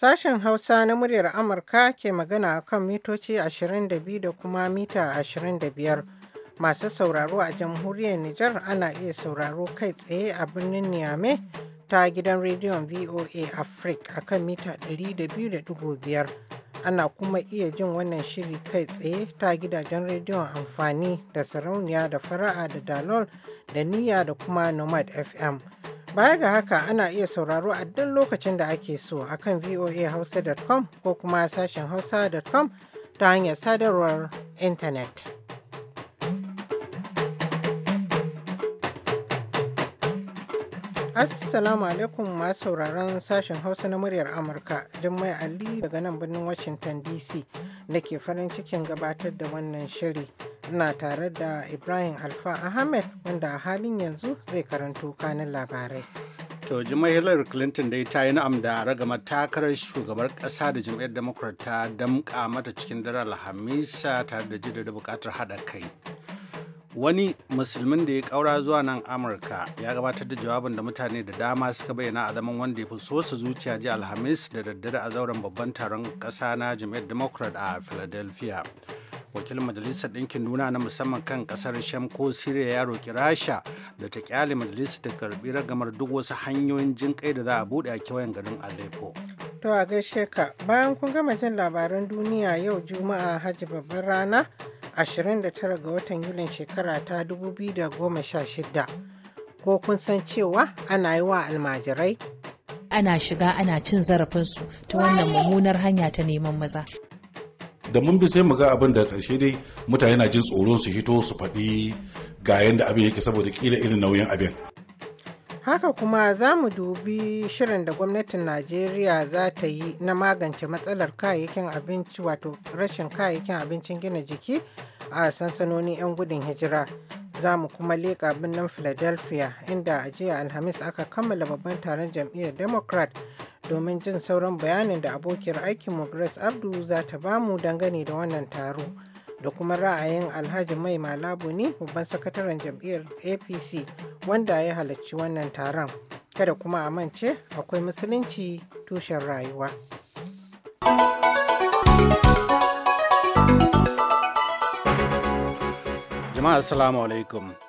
Sashen Hausa na muryar Amurka ke magana a kan mitoci 22 da kuma mita 25. Masu sauraro a jamhuriyar Nijar ana iya sauraro kai tsaye a birnin Niamey ta gidan rediyon VOA Africa a kan mita 200.5. Ana kuma iya jin wannan shiri kai tsaye ta gidajen rediyon amfani da sarauniya da fara'a da dalol da niyya da kuma nomad FM. Baya ga haka ana iya sauraro a duk lokacin da ake so a kan voahausa.com ko kuma sashen hausa.com ta hanyar sadarwar intanet. Assalamu alaikum masu sauraron sashen Hausa na muryar Amurka, Jummai Ali daga nan birnin Washington DC da ke farin cikin gabatar da wannan shiri. Ina tare da Ibrahim Alfa Ahmed wanda a halin yanzu zai karanto kanin labarai. To jimai Hillary Clinton dai ta yi na'am da ragama takarar shugabar kasa da jam'iyyar Democrat ta damƙa mata cikin dare Alhamisa tare da jidda da buƙatar haɗa kai. Wani musulmin da ya kaura zuwa nan Amurka ya gabatar da jawabin da mutane da dama suka bayyana a zaman wanda ya fi sosa zuciya ji Alhamis da daddare a zauren babban taron kasa na jam'iyyar Democrat a Philadelphia. wakilin majalisar ɗinkin duniya na musamman kan ƙasar sham ko siriya ya roƙi rasha da ta kyale majalisa ta karbi ragamar duk wasu hanyoyin jin kai da za a buɗe a kewayen garin aleppo to a gaishe ka bayan kun gama jin labaran duniya yau juma'a hajji babban rana 29 ga watan yulin shekara ta 2016 ko kun san cewa ana yi wa almajirai ana shiga ana cin zarafinsu ta wannan mummunar hanya ta neman maza da mun bi sai mu ga abin da karshe dai mutane na jin tsoron su hito su faɗi ga yadda abin yake saboda kila irin nauyin abin haka kuma za mu dubi shirin da gwamnatin najeriya za ta yi na magance matsalar kayayyakin abinci wato rashin kayayyakin abincin gina jiki a sansanoni 'yan gudun hijira za mu kuma leƙa birnin philadelphia inda a jiya alhamis aka kammala babban taron jam'iyyar democrat domin jin sauran bayanin da abokiyar aikin Grace Abdu za ta bamu dangane da wannan taro da kuma ra'ayin Alhaji Mai Malabu ne babban sakataren jam'iyyar APC wanda ya halarci wannan taron. Kada kuma a mance akwai musulunci tushen rayuwa. Jama'a Assalamu alaikum.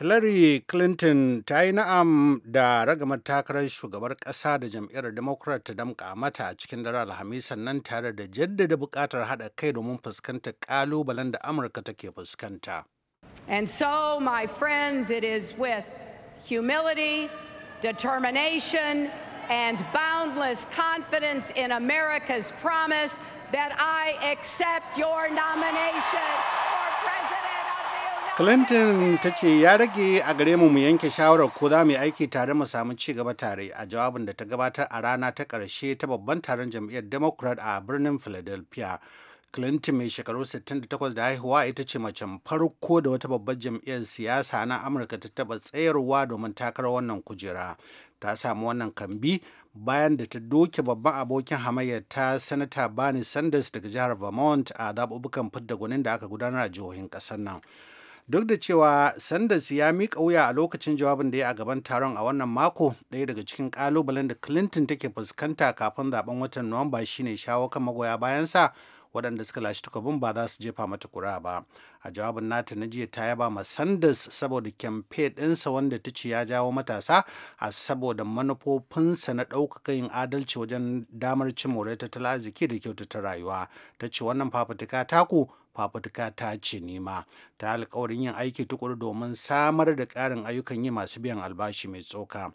hillary clinton ta yi na'am da ragamar takarar shugabar ƙasa da jam'iyyar democrat ta damƙa mata a cikin dare alhamis nan tare da jaddada buƙatar haɗa kai domin fuskantar ƙalubalen da amurka take fuskanta and so my friends it is with humility determination and boundless confidence in america's promise that i accept your nomination clinton ta ce ya rage a gare mu mu yanke shawarar ko za mu yi aiki tare mu samu ci gaba tare a jawabin da ta gabatar a rana ta karshe ta babban taron jam'iyyar democrat a birnin philadelphia clinton mai shekaru 68 da haihuwa ita ce macen farko da wata babbar jam'iyyar siyasa na amurka ta taba tsayarwa domin takarar wannan kujera ta samu wannan kambi bayan da ta doke babban abokin hamayyar ta sanata bernie sanders daga jihar vermont a zaɓuɓɓukan fidda gwanin da aka gudanar a jihohin ƙasar nan duk da cewa sanders ya miƙa wuya a lokacin jawabin da ya a gaban taron a wannan mako ɗaya daga cikin ƙalubalen da clinton take fuskanta kafin zaben watan nuwamba shine shawo kan magoya bayansa waɗanda suka lashe takobin ba za su jefa mata kura ba a jawabin nata na jiya ta yaba ma sanders saboda kyamfe ɗinsa wanda ta ce ya jawo matasa a saboda manufofinsa na ɗaukaka yin adalci wajen damar cin more tattalin arziki da kyautata rayuwa ta ce wannan fafutuka taku fafutuka ta ce nema ta alkawarin yin aiki tukuru domin samar da ƙarin ayyukan yi masu biyan albashi mai tsoka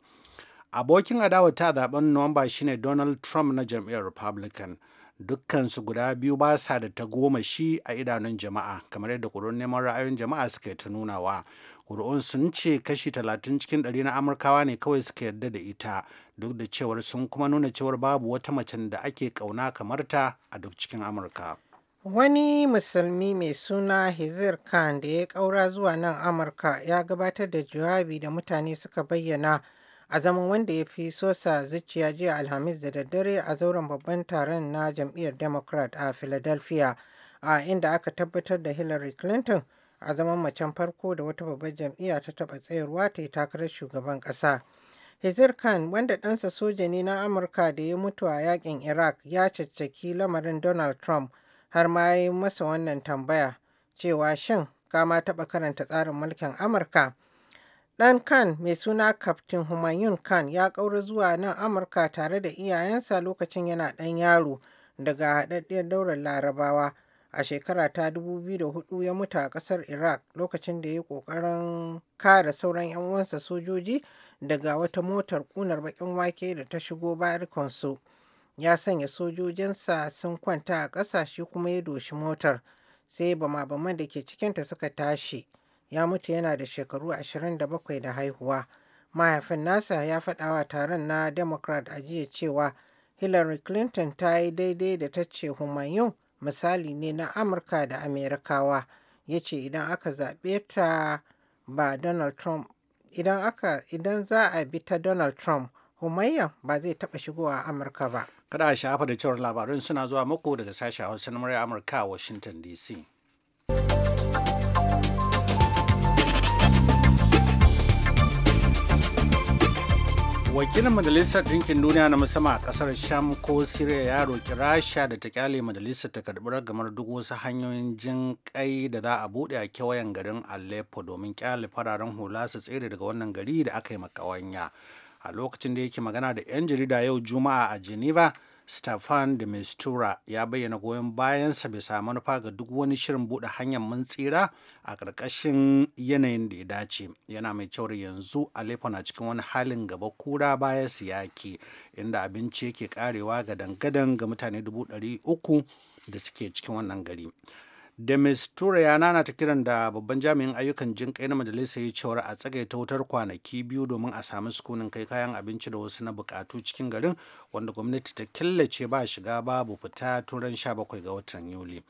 abokin adawa ta zaben nuwamba shine donald trump na jam'iyyar republican dukkansu guda biyu ba sa da ta goma shi a idanun jama'a kamar yadda ƙuri'un neman ra'ayoyin jama'a suka yi ta nunawa ƙuri'un sun ce kashi talatin cikin 100 na amurkawa ne kawai suka yarda da ita duk da cewar sun kuma nuna cewar babu wata macen da ake ƙauna kamar ta a duk cikin amurka Wani musulmi mai suna Hezir Khan da ya ƙaura zuwa nan Amurka ya gabatar da jawabi da mutane suka bayyana a zaman wanda ya fi sosa zuciya jiya Alhamis da daddare a zauren babban taron na jam'iyyar Democrat a Philadelphia, a inda aka tabbatar da Hillary Clinton a zaman macen farko da wata babbar jam'iyya ta taba tsayarwa ta yi takarar shugaban ƙasa. Hezir Khan, wanda ɗansa soja ne na Amurka da ya mutu a yakin Iraq, ya caccaki lamarin Donald Trump har ma ya yi masa wannan tambaya cewa shin kama taɓa karanta tsarin mulkin Amurka. Ɗan Khan mai suna Kaftin Humayun Khan ya ƙaura zuwa nan Amurka tare da iyayensa lokacin yana ɗan yaro daga haɗaɗɗiyar daular Larabawa. A shekara ta 2004 ya mutu a ƙasar Iraq lokacin da ya yi ƙoƙarin kare sauran 'yan uwansa sojoji daga wata motar ƙunar baƙin wake da ta shigo su ya sanya sojojinsa sun kwanta a ƙasashe kuma ya doshi motar sai bama-baman da ke cikinta suka tashi ya mutu yana da shekaru 27 da haihuwa mahaifin nasa ya faɗawa taron na democrat a jiya cewa hillary clinton ta yi daidai da ta ce humayun misali ne na amurka da amerikawa ya ce idan aka zaɓe ta ba donald trump idan za a bi ta donald trump humayyan ba zai taɓa shigowa amurka ba Kada a shafa da cewar labarun suna zuwa mako daga sashen Hausa na murya Amurka a Washington DC. wakilin majalisar ɗinkin duniya na musamman a ƙasar sham ko siriya ya roƙi rasha da ta kyale majalisar ta karɓi ragamar duk wasu hanyoyin jin ƙai da za a buɗe a kewayen garin aleppo domin kyale fararen hula su tsere daga wannan gari da aka yi makawanya a lokacin da yake magana da 'yan jarida yau juma'a a geneva stefan de mistura ya bayyana goyon bayansa bisa manufa ga duk wani shirin buɗe hanyar mun tsira a ƙarƙashin yanayin da ya dace yana mai cewar yanzu alepo na cikin wani halin gaba kura baya siyaki inda abinci yake karewa ga dangadan ga mutane dubu da suke cikin wannan gari da ms tura ya nana ta kiran da babban jami'in ayyukan jin kai na majalisa ya cewar a ta wutar kwanaki biyu domin a samu sukunin kai kayan abinci da wasu na bukatu cikin garin wanda gwamnati ta killace ba shiga babu fita turan 17 ga watan yuli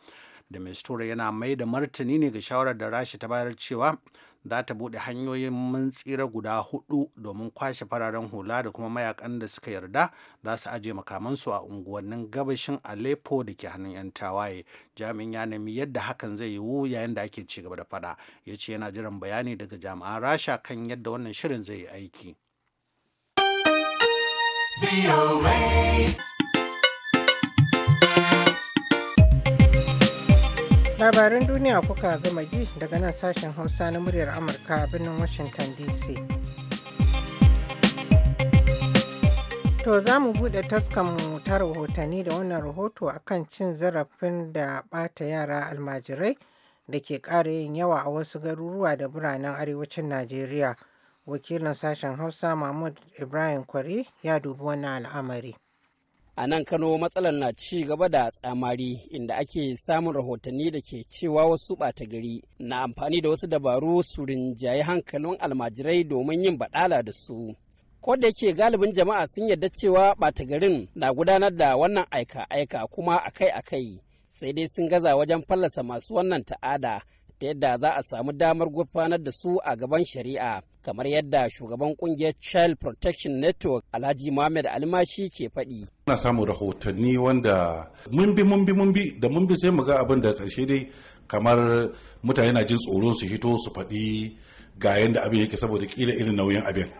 da yana mai da martani ne ga shawarar da rashi ta bayar cewa za ta buɗe hanyoyin mun tsira guda hudu domin kwashe fararen hula da kuma mayakan da suka yarda za su aje makamansu a unguwannin gabashin Aleppo da ke hannun 'yan tawaye. Jami'in ya nemi yadda hakan zai yiwu yayin da ake ci gaba da fada. Ya ce yana jiran bayani daga jami'an Rasha kan yadda wannan shirin zai yi aiki. labaran duniya kuka gama ji daga nan sashen hausa na muryar amurka a birnin washington dc to za mu buɗe taskanmu ta rahotanni da wannan rahoto akan cin zarafin da ɓata yara almajirai da ke ƙara yin yawa a wasu garuruwa da biranen arewacin najeriya wakilin sashen hausa mahmud ibrahim kwari ya dubi wannan al'amari a nan kano matsalar na ci gaba da tsamari inda ake samun rahotanni da ke cewa wasu ɓata gari na amfani da wasu dabaru su rinjaye hankalin almajirai domin yin baɗala da su ko da yake galibin jama'a sun yarda cewa ɓata garin na gudanar da wannan aika-aika kuma akai-akai sai dai sun gaza wajen fallasa masu wannan ta'ada ta yadda za a samu damar gurfanar da su a gaban shari'a kamar yadda shugaban kungiyar Child Protection Network Alhaji Mohammed Almashi ke faɗi. Muna samun rahotanni wanda mun bi mun bi mun bi da mun bi sai mu ga abin da ƙarshe dai kamar mutane na jin tsoron su hito su faɗi ga yadda abin yake saboda kila irin nauyin abin.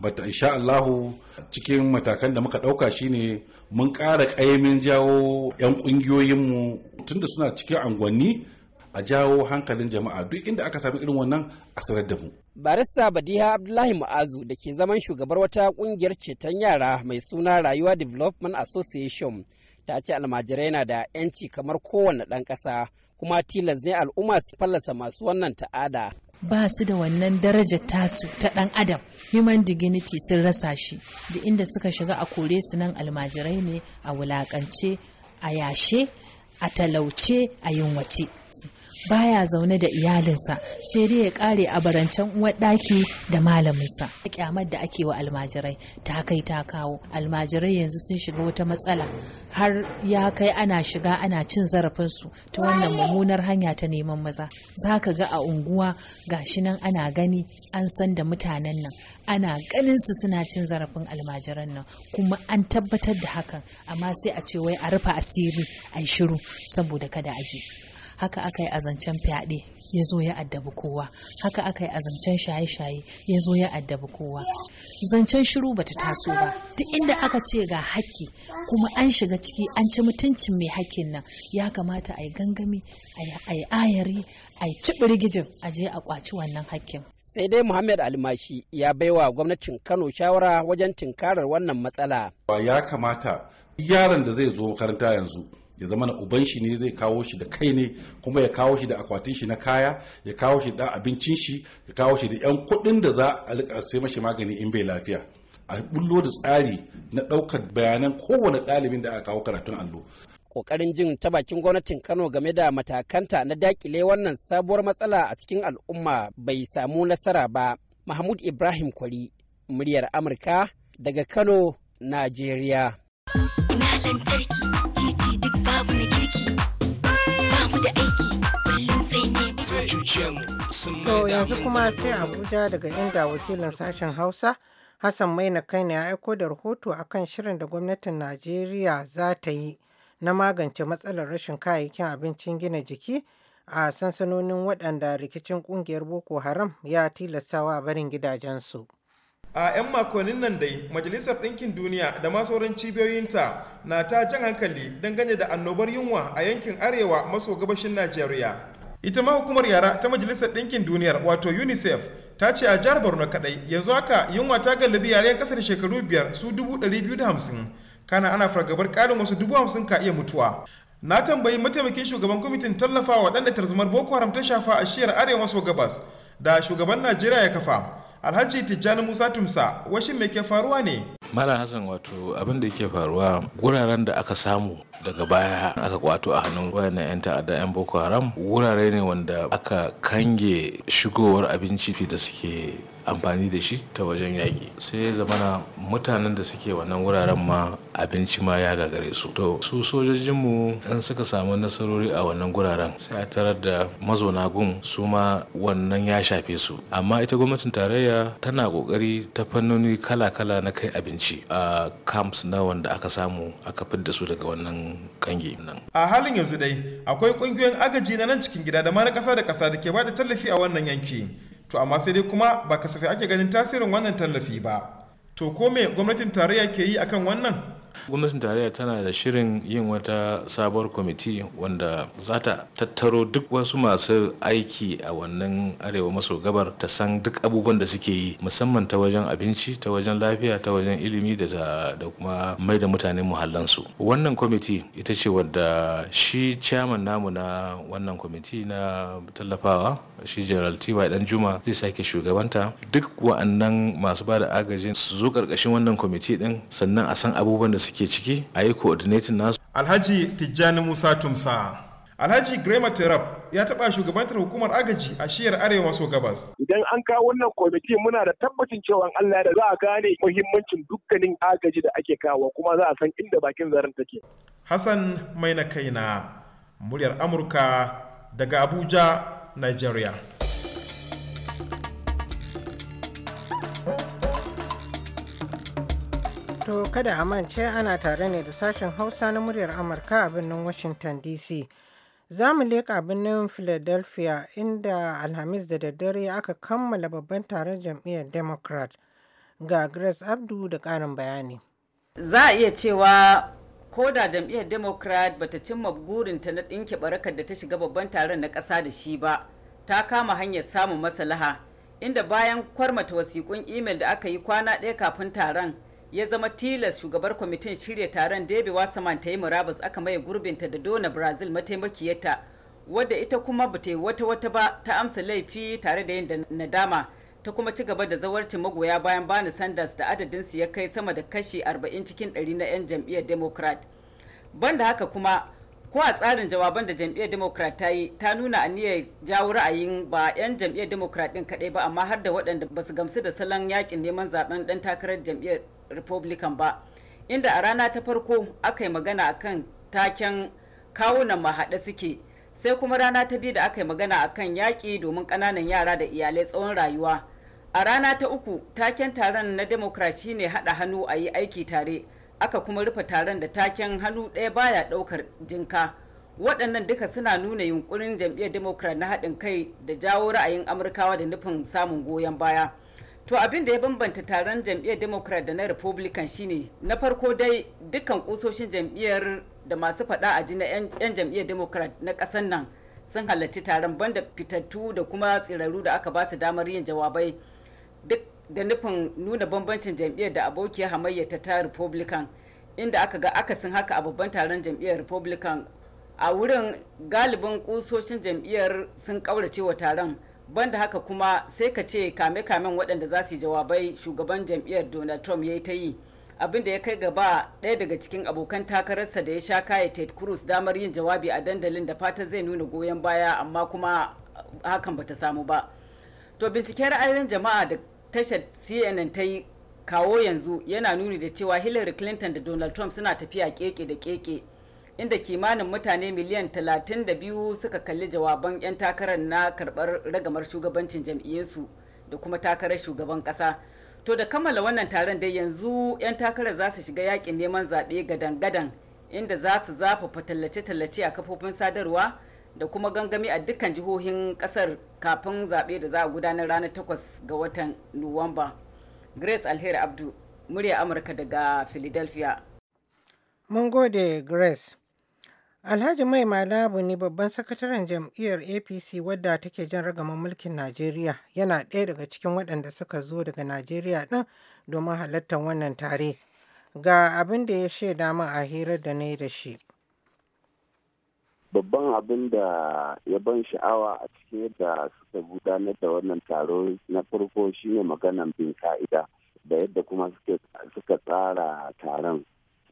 Bata insha Allahu cikin matakan da muka ɗauka shine mun ƙara ƙayamin jawo 'yan ƙungiyoyinmu tunda suna cikin angwanni a jawo hankalin jama'a duk inda aka sami irin wannan a sanar da mu. barista badiha abdullahi mu'azu da ke zaman shugabar wata kungiyar ceton yara mai suna rayuwa development association ta ce almajirai na da 'yanci kamar kowane ɗan ƙasa kuma tilas ne al'umma su fallasa masu wannan ta'ada ba su da wannan daraja tasu ta ɗan adam human dignity sun rasa shi da inda suka shiga a kore su nan almajirai ne a wulakance a yashe a talauce a yunwace baya zaune da iyalinsa sai dai ya kare a barancen uwar da malaminsa a kyamar da ake wa almajirai ta kai ta kawo almajirai yanzu sun shiga wata matsala har ya kai ana shiga ana cin zarafinsu ta wannan mummunar hanya ta neman maza za ka ga a unguwa ga shi nan ana gani an san da mutanen nan ana ganin su suna cin zarafin almajiran nan kuma an tabbatar da hakan amma sai a ce wai a rufe asiri a yi shiru saboda kada a je. haka aka yi azancen fyaɗe ya zo ya addabi kowa haka aka yi azancen shaye-shaye ya zo ya addabi kowa zancen shiru bata taso ba duk inda aka ce ga haƙƙi kuma an shiga ciki an ci mutuncin mai haƙƙin nan ya kamata a yi gangami a yi ayari a yi birgijin a je a kwaci wannan haƙƙin sai dai muhammad almashi ya baiwa gwamnatin kano shawara wajen tinkarar wannan matsala ya kamata yaron da zai zo makaranta yanzu ya zama na uban shi ne zai kawo shi da kai ne kuma ya kawo shi da akwatin shi na kaya ya kawo shi da abincin shi ya kawo shi da yan kuɗin da za a rika sai mashi magani in bai lafiya a bullo da tsari na ɗaukar bayanan kowane ɗalibin da aka kawo karatun allo kokarin jin ta bakin gwamnatin Kano game da matakanta na dakile wannan sabuwar matsala a cikin al'umma bai samu nasara ba. Mahmud Ibrahim Kwari, muryar Amurka daga Kano, Najeriya. to yanzu kuma sai Abuja daga inda wakilin sashen Hausa Hassan Maina Kaina ya aiko da rahoto akan shirin da gwamnatin Najeriya za ta yi na magance matsalar rashin kayayyakin abincin gina jiki a sansanonin waɗanda rikicin ƙungiyar Boko Haram ya tilastawa a barin gidajensu. a 'yan makonnin nan dai majalisar ɗinkin duniya da ma sauran cibiyoyinta na ta jan hankali dangane da annobar yunwa a yankin arewa maso gabashin najeriya ita ma hukumar yara ta majalisar ɗinkin duniyar wato unicef ta ce a jihar borno kadai yanzu haka yunwa ta gallabi yaren kasar shekaru biyar su dubu ɗari biyu da hamsin kana ana fargabar ƙarin wasu dubu hamsin ka iya mutuwa na tambayi mataimakin shugaban kwamitin tallafa waɗanda tarzomar boko haram ta shafa a shiyar arewa maso gabas da shugaban najeriya ya kafa alhaji tijjani musa tumsa washin me ke faruwa ne malam hassan wato abin da ke faruwa wuraren da aka samu daga baya aka kwato a hannun na 'yan ta'adda 'yan boko haram wurare ne wanda aka kange shigowar abinci da suke amfani da shi ta wajen yaƙi sai zamana mutanen da suke wannan wuraren ma abinci ma ya gagare su to su sojojinmu in suka samu nasarori a wannan guraren sai a tarar da mazauna gun su ma wannan ya shafe su amma ita gwamnatin tarayya tana kokari ta fannoni kala-kala na kai abinci a camps na wanda aka samu aka da su daga wannan kange nan a halin yanzu dai akwai kungiyoyin agaji na nan cikin gida da ma na kasa da kasa da ke bada tallafi a wannan yanki to amma sai dai kuma ba kasafai ake ganin tasirin wannan tallafi ba to ko me gwamnatin tarayya ke yi akan wannan gwamnatin tarayya tana da shirin yin wata sabuwar kwamiti wanda za ta tattaro duk wasu masu aiki a wannan arewa maso gabar ta san duk abubuwan da suke yi musamman ta wajen abinci ta wajen lafiya ta wajen ilimi da da kuma mai da mutane muhallansu wannan kwamiti ita ce wadda shi chairman namu na wannan kwamiti na tallafawa shi general T.Y. dan Juma zai sake shugabanta duk wa'annan masu ba da agajin su zo karkashin wannan kwamiti din sannan a san abubuwan da suke ciki a yi coordinating nasu. Alhaji Tijjani Musa Tumsa. Alhaji Grema terap ya taɓa shugabantar hukumar agaji a shiyar Arewa maso gabas. Idan an kawo wannan kwamiti muna da tabbacin cewa Allah da za a gane muhimmancin dukkanin agaji da ake kawo kuma za a san inda bakin zaren take. Hassan mai na Kaina, muryar Amurka daga Abuja, nigeria To kada a mance ana tare ne da sashen Hausa na muryar Amurka a birnin Washington DC. Za mu leƙa birnin Philadelphia inda Alhamis da daddare aka kammala babban taron jam'iyyar Democrat. Ga Grace Abdu da ƙarin bayani. Za a iya cewa ko da jam'iyyar democrat ba ta cimma burinta na ɗinke barakar da ta shiga babban taron na ƙasa da shi ba ta kama hanyar samun maslaha inda bayan kwarmata wasiƙun imel da aka yi kwana ɗaya kafin taron ya zama tilas shugabar kwamitin shirya taron debe wasserman ta yi murabus aka maye gurbinta da dona brazil mataimakiyarta wadda ita kuma bata yi wata wata ba ta amsa laifi tare da yin nadama ta kuma ci gaba da zawarcin magoya bayan bani sanders da adadin su ya kai sama da kashi 40 cikin 100 na 'yan jam'iyyar democrat banda haka kuma ko a tsarin jawaban da jam'iyyar democrat ta yi ta nuna a aniyar jawo ra'ayin ba 'yan jam'iyyar democrat din kaɗai ba amma har da waɗanda ba su gamsu da salon yakin neman zaben ɗan takarar jam'iyyar republican ba inda a rana ta farko aka yi magana akan taken kawunan mahaɗa suke sai kuma rana ta biyu da aka yi magana a kan yaƙi domin ƙananan yara da iyalai tsawon rayuwa a rana ta uku taken taron na demokraci ne haɗa hannu a yi aiki tare aka kuma rufe taron da taken hannu ɗaya baya ɗaukar jinka waɗannan duka suna nuna yunkurin jam'iyyar demokrat na haɗin kai da jawo ra'ayin amurkawa da nufin samun goyon baya. to abin da ya bambanta taron jam'iyyar democrat da na republican shine na farko dai dukkan kusoshin jam'iyyar da masu fada a na 'yan jam'iyyar democrat na ƙasar nan sun halarci taron banda fitattu da kuma tsirarru da aka ba su damar yin jawabai duk da nufin nuna bambancin jam'iyyar da abokiyar hamayya ta ta republican inda aka ga akasin haka a babban taron jam'iyyar republican a wurin galibin kusoshin jam'iyyar sun kaurace wa taron banda haka kuma sai ka ce kame-kamen waɗanda za su yi jawabai shugaban jam'iyyar donald trump ya yi ta yi abin da ya kai gaba ɗaya daga cikin abokan takararsa da ya sha kaya ted cruz damar yin jawabi a dandalin da fata zai nuna goyon baya amma kuma hakan bata samu ba to binciken ra'ayoyin jama'a da tashar cnn ta yi kawo yanzu yana nuni da cewa hillary clinton da donald trump suna tafiya keke da keke inda kimanin mutane miliyan 32 suka kalli jawaban 'yan takarar na karbar ragamar shugabancin jam'iyyarsu da kuma takarar shugaban kasa to da kammala wannan taron dai yanzu 'yan takarar za su shiga yakin neman zaɓe gadan-gadan inda za su zafafa tallace-tallace a kafofin sadarwa da kuma gangami a dukkan jihohin kasar kafin zaɓe da za a gudanar ranar takwas ga watan nuwamba grace alheri abdu murya amurka daga philadelphia mun gode grace Alhaji Mai Malabu ne babban sakataren jam'iyyar APC wadda take jan ragaman mulkin Najeriya yana ɗaya daga cikin waɗanda suka zo daga Najeriya ɗin domin halartar wannan tare. Ga abin da ya shaida min a hirar da na yi da shi. Babban abin da ya ban sha'awa a cikin yadda suka gudanar da wannan taro na farko shine maganan bin ka'ida da yadda kuma suka tsara taron.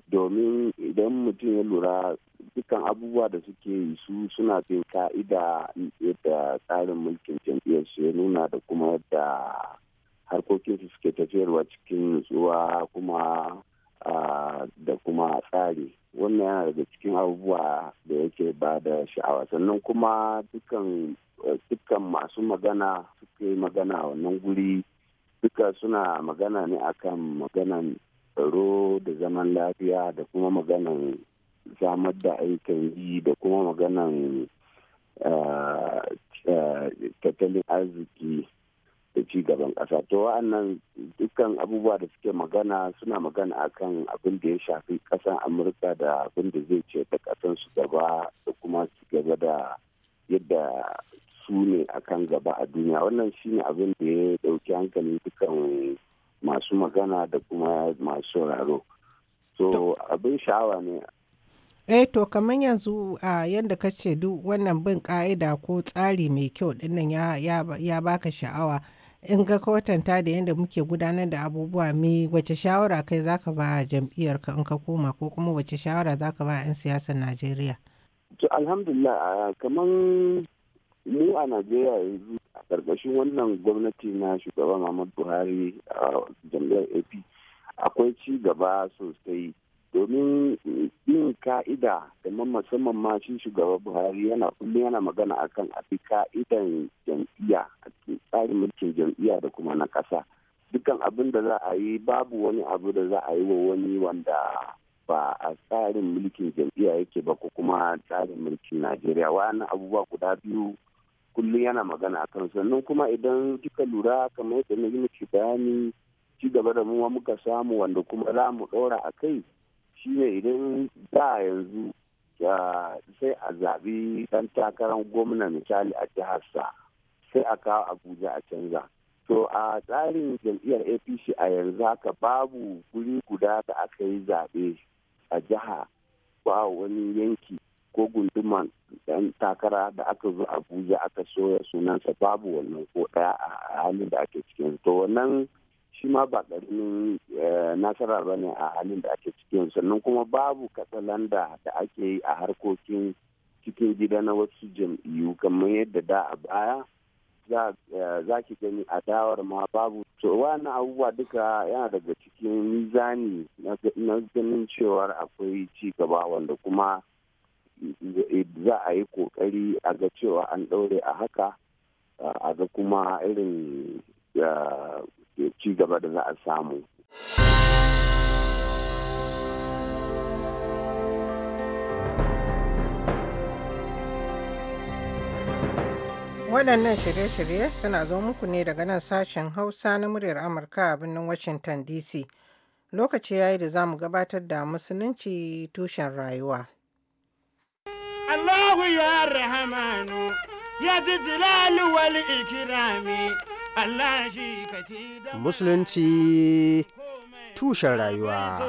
domin idan mutum ya lura dukkan abubuwa da suke yi su suna bin ka'ida yadda tsarin mulkin jam'iyyar su ya nuna da kuma yadda harkokinsu suke tafiyarwa cikin nutsuwa kuma da kuma tsari wannan yana daga cikin abubuwa da yake ba da sha'awa sannan kuma dukkan eh, masu magana suke magana wannan guri duka suna magana ne akan maganan tsaro da zaman lafiya da kuma maganan samar da aikin yi da kuma maganan ah, ah, tattalin arziki da ci gaban ƙasa to wa'annan dukkan abubuwa da suke magana suna magana akan abin da ya shafi ƙasar amurka da abin da zai ce ta ƙasar su gaba da kuma su gaba da yadda su ne akan gaba a duniya wannan shine abin da ya ɗauki hankali dukkan masu magana da kuma masu sauraro so abin sha'awa ne eh to kamar yanzu a yadda ka ce duk wannan bin ka'ida ko tsari mai kyau dinnan ya baka sha'awa in ga kwatanta da yadda muke gudanar da abubuwa me wace shawara kai zaka ba jam'iyyar ka in ka koma ko kuma wace shawara zaka ba 'yan siyasar najeriya to alhamdulillah kamar mu a najeriya yanzu a ƙarƙashin wannan gwamnati na shugaban muhammadu buhari a jam'iyyar ap akwai ci gaba sosai domin mm, yin ka'ida da musamman ma shi shugaba buhari yana kullum yana magana akan a fi ka'idan jam'iyya a tsarin mulkin jam'iyya da kuma na ƙasa dukkan abin da za a yi babu wani abu da za a yi wa wani wanda ba a tsarin mulkin jam'iyya yake ba ko kuma tsarin mulkin najeriya wa'annan abubuwa guda biyu kullum yana magana akan sannan kuma idan kika lura kamar yadda na yi miki bayani ci gaba da muwa muka samu wanda kuma za mu ɗora a kai shi ne idan da yanzu sai a zaɓi ɗan takarar gwamna misali a sa sai a kawo abuja a canza to a tsarin jam'iyyar apc a yanzu haka babu guri guda da aka yi zaɓe a jiha ba wani yanki ko gunduman ɗan takara da aka zo abuja aka soya sunansa babu wannan ko ɗaya a halin da ake cikin to wannan shi ma ba ƙaramin eh, nasara ba ne a halin da ake cikin sannan kuma babu katsalan da ake yi a harkokin cikin gida na wasu jam'iyyu kamar yadda da a baya za eh, ki gani a dawar ma babu to wani abubuwa duka yana daga cikin zani na ganin cewar akwai ci gaba wanda kuma za a yi kokari a ga cewa an ɗaure a haka a ga kuma irin eh, ci gaba da za a samu. waɗannan shirye-shirye suna zo muku ne daga nan sashen hausa na muryar amurka a birnin washington dc lokaci ya yi da za mu gabatar da musulunci tushen rayuwa allahu ya rahamanu ya ji jilali wal ikirami Musulunci tushen rayuwa.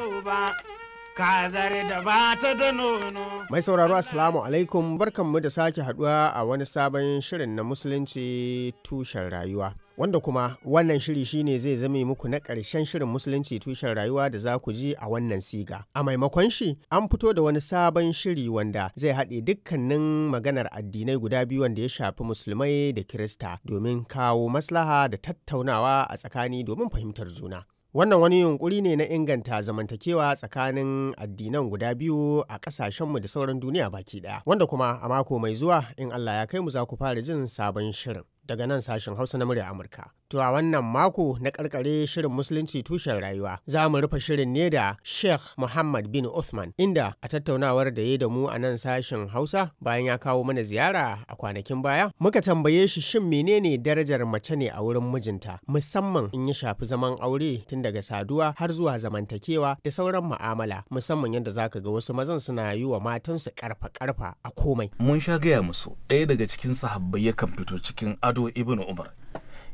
Mai sauraro Assalamu alaikum barkanmu da sake haduwa a wani sabon shirin na Musulunci tushen rayuwa. wanda kuma wannan shiri shine zai zame muku na ƙarshen shirin musulunci tushen rayuwa da za ku ji a wannan siga a maimakon shi an fito da wani sabon shiri wanda zai haɗe dukkanin maganar addinai guda biyu wanda ya shafi musulmai da kirista domin kawo maslaha da tattaunawa a tsakani domin fahimtar juna Wannan wani yunkuri ne na inganta zamantakewa tsakanin addinan guda biyu a ƙasashenmu da sauran duniya baki ɗaya, wanda kuma a mako mai zuwa in Allah ya kai mu za ku fara jin sabon shirin. daga nan sashen hausa na murya amurka To a wannan mako na karkare shirin Musulunci tushen rayuwa za mu rufe shirin ne da Sheikh Muhammad bin Uthman inda a tattaunawar da ya da mu a nan sashen Hausa bayan ya kawo mana ziyara a kwanakin baya muka tambaye shi shin menene darajar mace ne a wurin mijinta musamman in ya shafi zaman aure tun daga saduwa har zuwa zamantakewa da sauran mu'amala musamman yadda zaka ga wasu mazan suna yi wa matansu karfa karfa a komai. Mun sha gaya musu ɗaya daga cikin sahabbai yakan fito cikin Ado Ibn Umar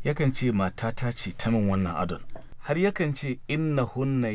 yakan ce matata ce ta min wannan adon har yakan ce inna hunna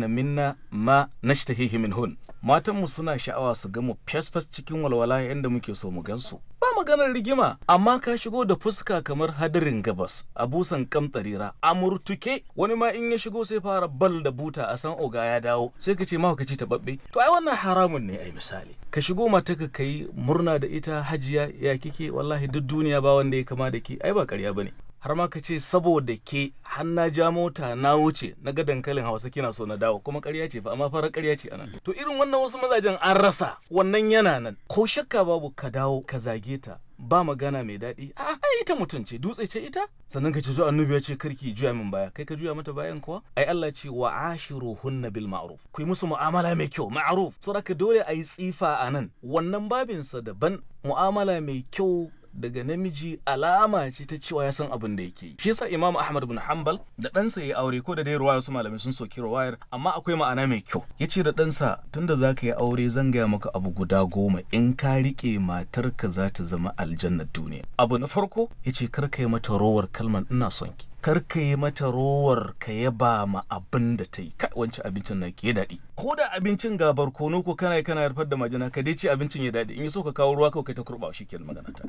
na minna ma nashtahihi min hun matanmu suna sha'awa su gamu fesfes cikin walwala yadda muke so mu gansu ba maganar rigima amma ka shigo da fuska kamar hadarin gabas a busan kamtsarira a murtuke wani ma in ya shigo sai fara bal da buta a san oga ya dawo sai ka ce mahaukaci taɓaɓɓe to ai wannan haramun ne ai misali ka shigo mata ka kai murna da ita hajiya ya kike wallahi duk duniya ba wanda ya kama da ke ai ba ƙarya bane har ma ka ce saboda ke har ja mota na wuce na ga dankalin hausa kina so na dawo kuma karya ce fa amma fara karya ce anan to irin wannan wasu mazajen an rasa wannan yana nan ko shakka babu ka dawo ka zage ta ba magana mai daɗi a ita mutum ce dutse ce ita sannan ka ce zo annubi ya ce karki juya min baya kai ka juya mata bayan kuwa ai Allah ce wa hunna bil ma'ruf ku musu mu'amala mai kyau ma'ruf saboda dole a yi tsifa anan. nan wannan babinsa daban mu'amala mai kyau daga namiji alama ce ta cewa ya san abin da yake yi shi yasa imam ahmad bin hanbal da ɗansa ya yi aure ko da dai ruwaya su malamai sun soki ruwayar amma akwai ma'ana mai kyau ya ce da ɗansa tunda za ka yi aure zan gaya maka abu guda goma in ka riƙe matarka za ta zama aljannar duniya abu na farko ya ce kar ka yi mata rowar kalmar ina son ki kar ka yi mata rowar ka yaba ma abin da ta yi kai wancan abincin na ke daɗi ko da abincin ga barkono ko kana kana harfar da majina ka dai abincin ya daɗi in yi so ka kawo ruwa kai ta kurɓa shi ke magana ta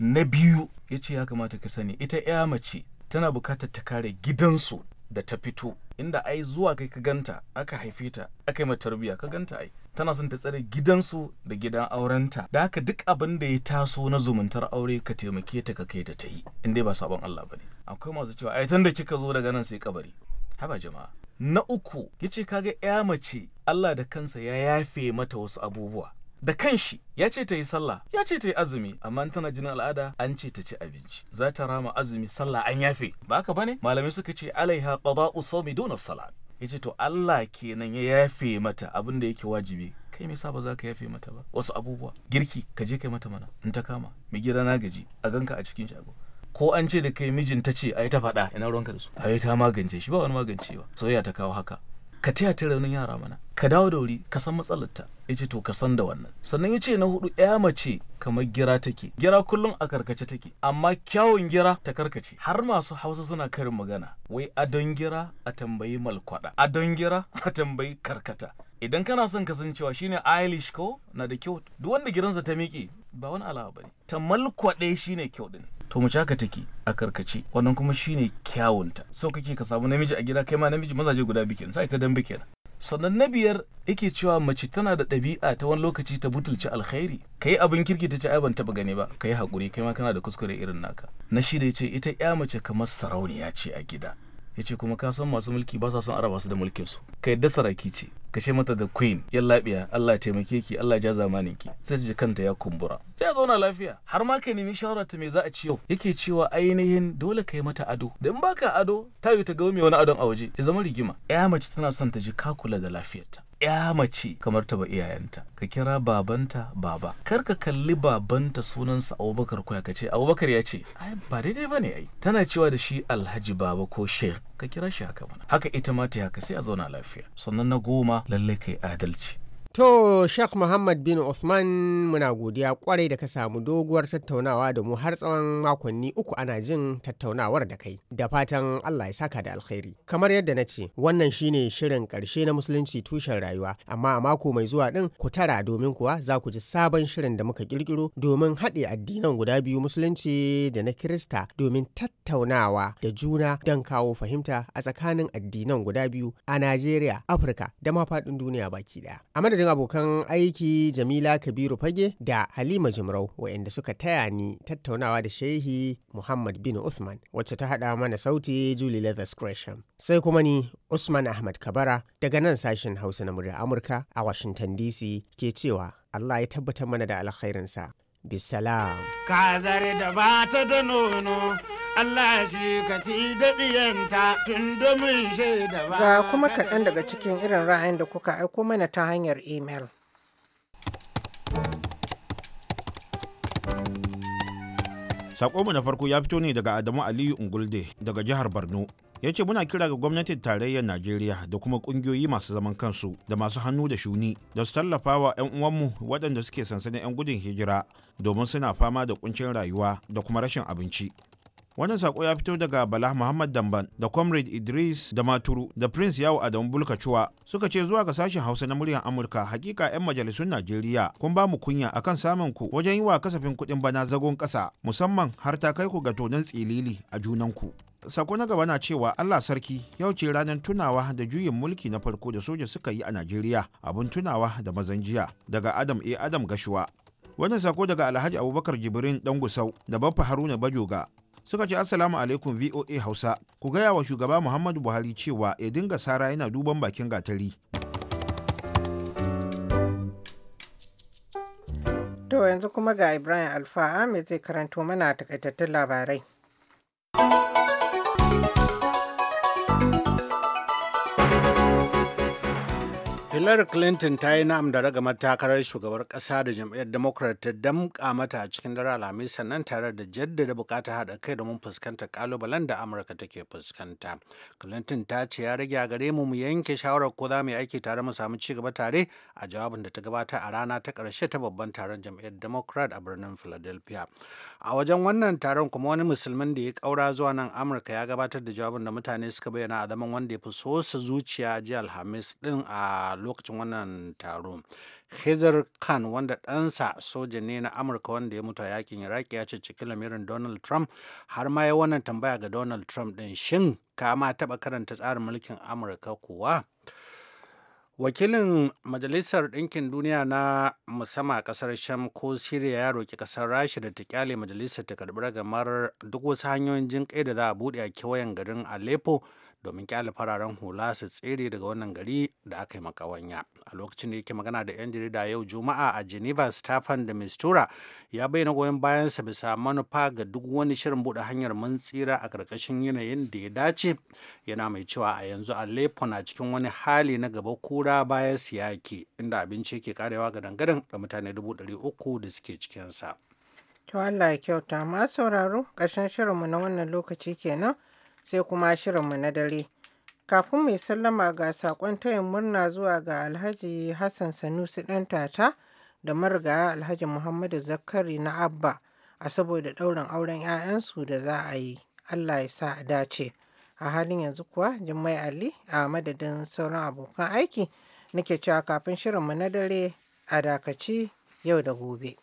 na biyu ya ce ya kamata ka sani ita ya mace tana bukatar ta kare gidansu da ta fito inda ai zuwa kai ka ganta aka haife ta aka yi mata tarbiyya ka ganta ai tana son ta tsare gidansu da gidan aurenta da haka duk abin da ya taso na zumuntar aure ka taimake ta ka kai ta ta yi in dai ba sabon Allah ba ne. akwai masu cewa ai da kika zo daga nan sai kabari haba jama'a na uku yace kaga ya mace Allah da kansa ya yafe mata wasu abubuwa da kanshi ya ce ta yi sallah ya ce ta yi azumi amma tana jin al'ada an ce ta ci abinci za ta rama azumi sallah an yafe ba haka bane malamai suka ce alaiha qada'u sawmi duna salat ya ce to Allah kenan ya yafe mata abin da yake wajibi kai me ba za ka yafe mata ba wasu abubuwa girki ka je kai mata mana in ta kama mai gida na gaji a ganka a cikin shago ko an ce da kai mijin ta ce ai ta faɗa ina ruwanka da su ai ta magance shi ba wani magancewa soyayya ta kawo haka ka taya ta raunin yara mana ka dawo da wuri ka san matsalarta ya ce to ka san da wannan sannan ya ce na hudu ya mace kamar gira take gira kullum a karkace take amma kyawun gira ta karkace har masu hausa suna karin magana wai a don gira a tambayi malkwada don gira a tambayi karkata idan kana son cewa shine Eilish ko na da kyau duk wanda gidansa ta miƙe ba wani alama bane ta malkwade shine kyau din to mu haka take a karkace wannan kuma shine kyawunta sau kake ka samu namiji a gida kai ma namiji mazaje guda bikin sai ta dambe kenan sannan na biyar yake cewa mace tana da ɗabi'a ta wani lokaci ta butulci alkhairi ka yi abin kirki ta ci ai ban taɓa gani ba ka yi haƙuri kai ma kana da kuskure irin naka na shida ce ita ya mace kamar sarauniya ce a gida ya ce kuma ka san masu mulki ba sa son araba su da mulkin su kai dasa saraki ce kashe mata da queen yan labiya Allah taimake ki Allah ja zamanin ki sai ji kanta ya kumbura sai zauna lafiya har ma ka nemi shawara ta me za a ci yau yake cewa ainihin dole ka yi mata ado da in baka ado ta yi ta mai wani adon a waje ya zama rigima ya mace tana son ta ji ka kula da lafiyarta ya mace kamar ta ba iyayenta ka kira babanta baba kar ka kalli babanta sunansa abubakar koya ka ce abubakar ya ce ba daidai ba ne ai tana cewa da shi alhaji baba ko sheikh ka kira shi haka mana haka ita ma ta haka sai a zauna lafiya sannan na goma lallai kai adalci To, Sheikh Muhammad bin Usman muna godiya kwarai da ka samu doguwar tattaunawa da mu har tsawon makonni uku ana jin tattaunawar da kai. Da fatan Allah ya saka da alkhairi. Kamar yadda na ce, wannan shine shirin karshe na Musulunci tushen rayuwa, amma a mako mai zuwa ɗin ku tara domin kuwa za ku ji sabon shirin da muka kirkiro domin haɗe addinan guda biyu Musulunci da na Kirista domin tattaunawa da juna don kawo fahimta a tsakanin addinan guda biyu a Najeriya, Afirka da ma faɗin duniya baki ɗaya. A madadin abokan aiki Jamila Kabiru Fage da Halima Jimrau waɗanda suka taya ni tattaunawa da Shehi Muhammad bin usman wacce ta haɗa mana sauti Julie Leathers Gresham. Sai kuma ni Usman Ahmad Kabara daga nan sashen Hausa na murya Amurka a Washington DC ke cewa Allah ya tabbatar mana da alkhairinsa. bisalam. Kazar da ba ta da nono, Allah shi ka fi daɗiyanta tun da mun shaida ba. Ga kuma kaɗan daga cikin irin ra'ayin da kuka aiko mana ta hanyar imel. Sakonmu na farko ya fito ne daga Adamu Aliyu Ungulde daga jihar Borno. Ya ce muna kira ga gwamnatin tarayyar Najeriya da kuma kungiyoyi masu zaman kansu da masu hannu da shuni da su tallafa wa 'yan uwanmu waɗanda suke sansanin 'yan gudun hijira domin suna fama da kuncin rayuwa da kuma rashin abinci. wannan sako ya fito daga bala muhammad damban da comrade idris da maturu da prince yawo adamu bulkacuwa suka ce zuwa ga sashen hausa na muryar amurka hakika 'yan majalisun najeriya kun ba mu kunya akan samun ku wajen yi wa kasafin kuɗin bana zagon ƙasa musamman har ta kai ku ga tonon tsilili a junan ku sako na gaba na cewa allah sarki yau ce ranar tunawa da juyin mulki na farko da soja suka yi a najeriya abun tunawa da mazan jiya daga adam a adam gashuwa wannan sako daga alhaji abubakar jibrin dan gusau da baffa haruna bajoga suka ce assalamu alaikum voa hausa ku gaya wa shugaba muhammadu buhari cewa ya dinga sara yana duban bakin gatari to yanzu kuma ga ibrahim alfa ahmed zai karanto mana takaitattun labarai Hillary Clinton ta yi na'am da raga takarar shugabar kasa da jam'iyyar Democrat ta damƙa mata a cikin dare Alhamis sannan tare da jaddada bukatar haɗa kai domin fuskantar ƙalubalen da Amurka take fuskanta. Clinton ta ce ya rage a gare mu mu yanke shawarar ko za mu yi aiki tare mu samu ci gaba tare a jawabin da ta gabata a rana ta karshe ta babban taron jam'iyyar Democrat a birnin Philadelphia. A wajen wannan taron kuma wani musulmin da ya kaura zuwa nan Amurka ya gabatar da jawabin da mutane suka bayyana a zaman wanda ya fi sosa zuciya jiya Alhamis din a lokacin wannan taro hezer khan wanda ɗansa soja ne na amurka wanda ya mutu a yakin iraki ya ce cikin lamirin donald trump har ma ya wannan tambaya ga donald trump ɗin shin ka ma taɓa karanta tsarin mulkin amurka kuwa wakilin majalisar ɗinkin duniya na musamman ƙasar sham ko siriya ya roƙi ƙasar rasha da ta kyale majalisar ta karɓi ragamar duk wasu hanyoyin jinƙai da za a buɗe a kewayen garin aleppo domin kyale fararen hula su tsere daga wannan gari da aka yi makawanya a lokacin da yake magana da 'yan jarida yau juma'a a geneva stefan da mistura ya bayyana goyon bayansa bisa manufa ga duk wani shirin buɗe hanyar mun tsira a ƙarƙashin yanayin da ya dace yana mai cewa a yanzu aleppo na cikin wani hali na gaba kura baya siyaki inda abinci yake karewa ga dangadan da mutane dubu ɗari uku da suke cikinsa. to allah ya kyauta ma sauraro ƙarshen shirinmu na wannan lokaci kenan sai kuma shirinmu na dare. Kafin mai sallama ga saƙon tayin murna zuwa ga Alhaji Hassan Sanusi ɗan tata da marigaya Alhaji Muhammadu Zakari na Abba a saboda ɗaurin auren 'ya'yansu da za a yi. Allah ya sa a dace. A halin yanzu kuwa Jummai Ali a madadin sauran abokan aiki nake cewa kafin shirinmu na dare a dakaci yau da gobe.